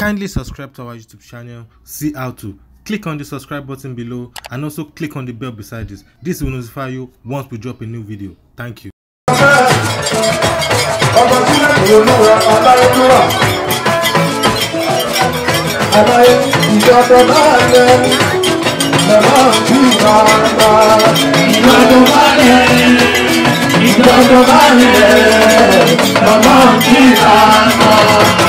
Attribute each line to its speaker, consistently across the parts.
Speaker 1: Kindly subscribe to our YouTube channel, see how to. Click on the subscribe button below and also click on the bell beside this. This will notify you once we drop a new video. Thank you. àlàyé ìjọba máa lẹ lọ́wọ́ ju bàbá. ìjọba máa lẹ ìjọba máa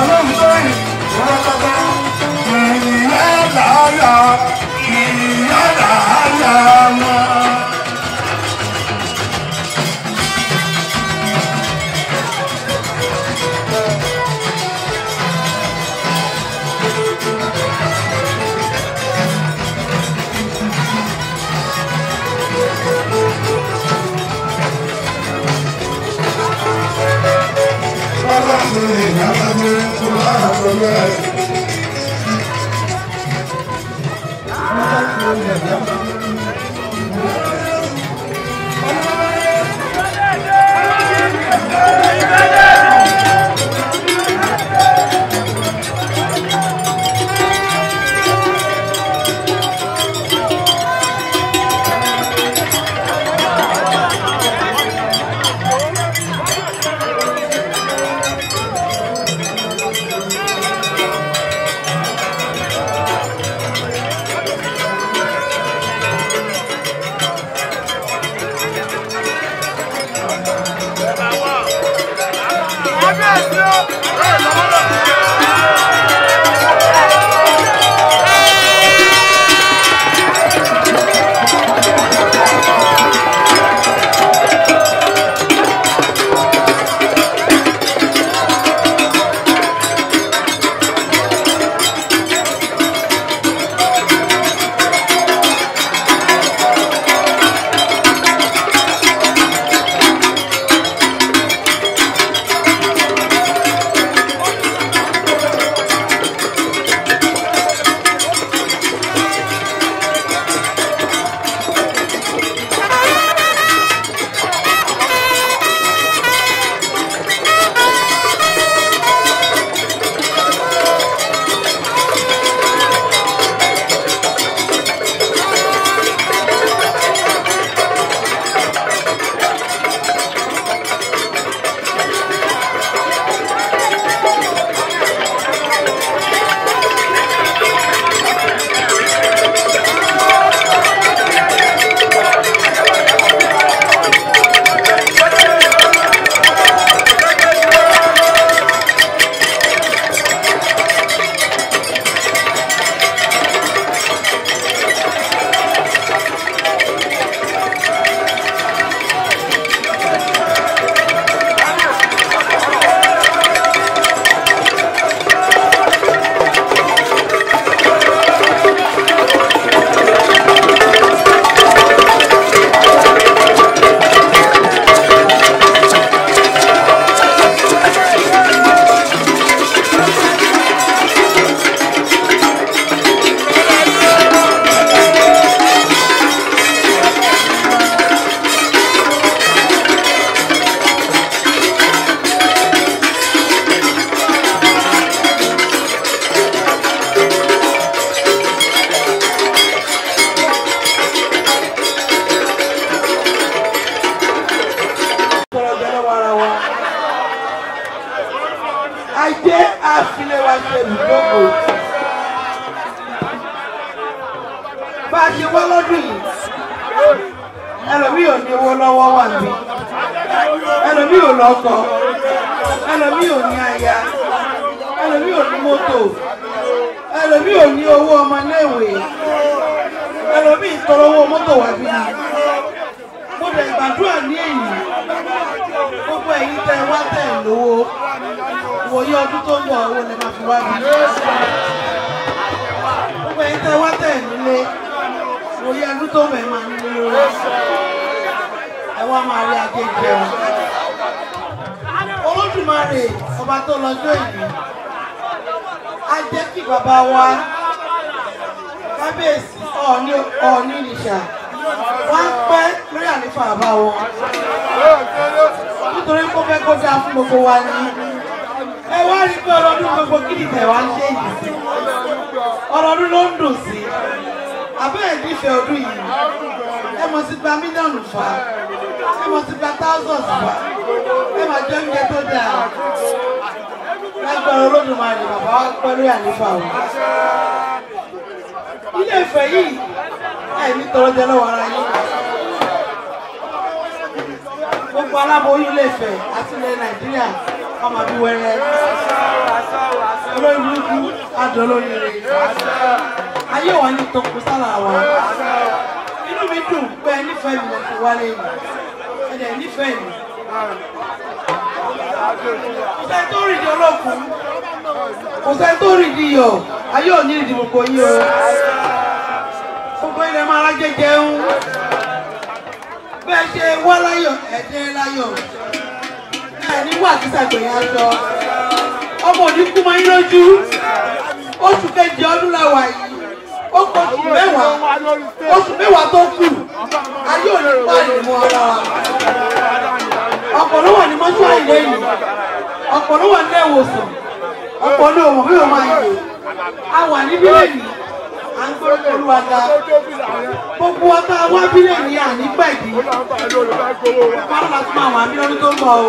Speaker 1: I'm sorry. ló pọ̀ jù ọlọ́run Thank you. dé àfilẹ̀ wa ṣe ìdókòwò. bá a ṣe wá lọ́dún yìí ẹlòmíì ò ní owó lọ́wọ́ wà mí ẹlòmíì ò lọ́kọ ẹlòmíì ò ní aya ẹlòmíì ò ní mọ́tò ẹlòmíì ò ní owó ọmọ iléèwé ẹlòmíì tọrọ owó mọ́tò wà bí i
Speaker 2: mo dẹ̀ gbàdúrà
Speaker 1: ní èyí gbogbo ẹ̀yin tẹ́ wá tẹ̀ lówó wòye ọdún tó ń bọ̀ owó lè máa fi wá bí. gbogbo ẹ̀yin tẹ́ wá tẹ̀ nílé wòye ọdún tó ń bẹ̀ máa nílé lórí. ẹ wá máa rí ajé jẹun. olódùmarè ọba tó lọ́jọ́ ìlú á jẹ́ kí bàbá wa kábíyèsí ọ̀ọ́ni ọ̀ọ́ni nìṣà wọ́n pẹ́ lórí àlefa àbá wọn nítorí kó fẹ́ kó dáa fún gbogbo wa ni ẹ wá rí pé ọlọ́dún gbogbo kí ni tẹ̀ wá ń ṣe yìí sí ọlọ́dún ló ń dùn sí abẹ́ẹ̀ nífẹ̀ẹ́ ọdún yìí ẹ mọ̀ sí gba mílíọ̀nù fà ẹ mọ̀ sí gba táùsọ̀sì fà ẹ máa jẹ oúnjẹ tó dáa lágbára olódùmarè bàbá wa pẹ̀lú àlefa o ilé Ifẹ̀ yìí ẹ̀mí tọrọ jẹ lọ́wọ́ ara yín gbogbo aláboyún Ilé Ifẹ̀ àti ilẹ̀ Nàìjíríà ọmọ bí wẹ́rẹ́ olóyìn burúkú adùn olóyìn rẹ̀ ayé wa ní tọkùn sára wa inú mi dùn pé nífẹ̀ẹ́ mi lọ fi wálé yìí ẹ̀dẹ̀ nífẹ̀ẹ́ mi. kò sẹ́ni tó rìn di olókùn
Speaker 2: kò sẹ́ni tó rìn
Speaker 1: di iyọ̀ ayé ò ní ìdí gbogbo yìí o gbogbo ilẹ̀ máa rájẹ́ jẹun bẹ́ẹ̀ ṣe wá láyọ̀ ẹ̀dẹ́ láyọ̀ ẹni wà sísàgbè yẹn aṣọ ọmọ òní kú mọ́ yín lójú oṣù kejì ọdún la wà yìí ó kọ oṣù mẹ́wàá oṣù mẹ́wàá tó kù ayé òní pa ìmọ̀ ara wa ọ̀pọ̀ ló wà ní mọ́ṣúárì lẹ́yìn ọ̀pọ̀ ló wà nílẹ̀ ìwòsàn ọ̀pọ̀ ló wọ̀ bí wọ́n máa yè a wà níbí lẹ́yìn à ń gbọ́dọ̀ olúwa ga gbogbo ọ̀tá wá bí lẹ́yìn ìdí wọn láti máa wà ní ọdún tó ń bọ̀ o.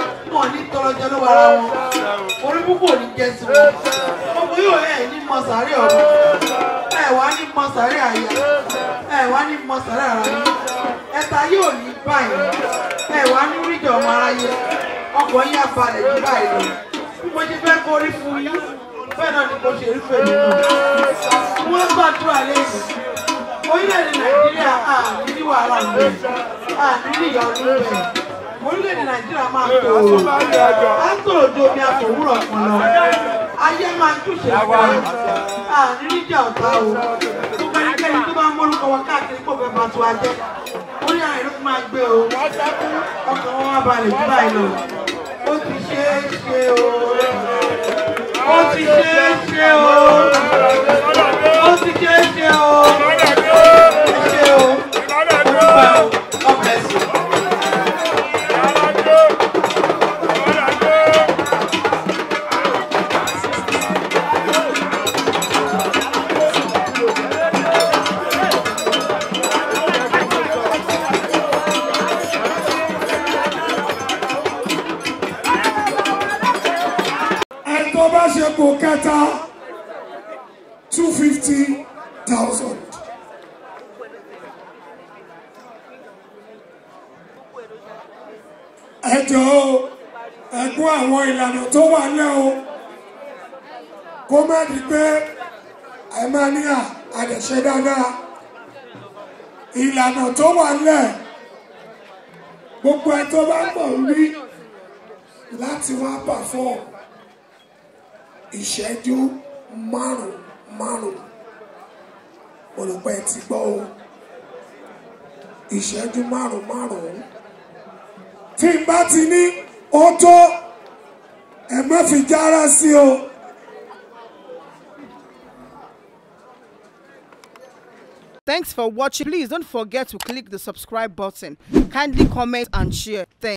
Speaker 1: wọn ní tọrọjọ lọ́wọ́ ara wọn orí púpọ̀ ní jẹ́sí wọn gbogbo yóò ẹ̀ ní mọ ọ̀rọ̀ ẹ̀ wá ní mọ àyà ẹ̀ wá ní mọ ara yín ẹ̀ta yóò ní báyìí ẹ̀ wá ní rídìí ọmọ aráyé ọkọ̀ yín abalẹ̀ ní báyìí lọ mo ti fẹ́ kórí fún yín bẹ́ẹ̀ náà ni mo ṣe rí fèmí náà wọ́n gbàdúrà lẹ́yìn orílẹ̀-èdè Nàìjíríà àní ní wàhálà ń bẹ àní ní ìyá ọdún bẹ́ẹ̀ orílẹ̀-èdè nàìjíríà máa tó o á tó òdo mi àtòwúrọ̀ kan ayé máa túṣe ìgbà àríríjà ọ̀tá o tó bá ní kẹ́ni tó bá ń mórúkọ wọn káàkiri kó fẹ́ bá tó a jẹ́ orí àìró máa gbé o ọkàn wọn wá balẹ̀ jù báyìí lọ ó ti ṣe ṣe o ó ti ṣe ṣe o ó ti ṣe ṣe o. tó bá ṣe kó kẹta two fifty thousand. ẹ jọ̀ọ́ ẹ kú àwọn ìlànà tó wà lẹ́ o kó má di pé ẹ máa ní àdẹ̀ṣe dáadáa ìlànà tó wà lẹ́ gbogbo ẹ tó bá ń ń rí láti wá pàfọ́ọ̀mù ìṣẹ́jú márùn márùn-ún ti gbọ́ o ìṣẹ́jú márùn márùn tí n bá ti ní ó tó ẹ má fi jára sí o. Thanks for watching. Please don't forget to click the subscribe button. Kindly comment and share. Thanks.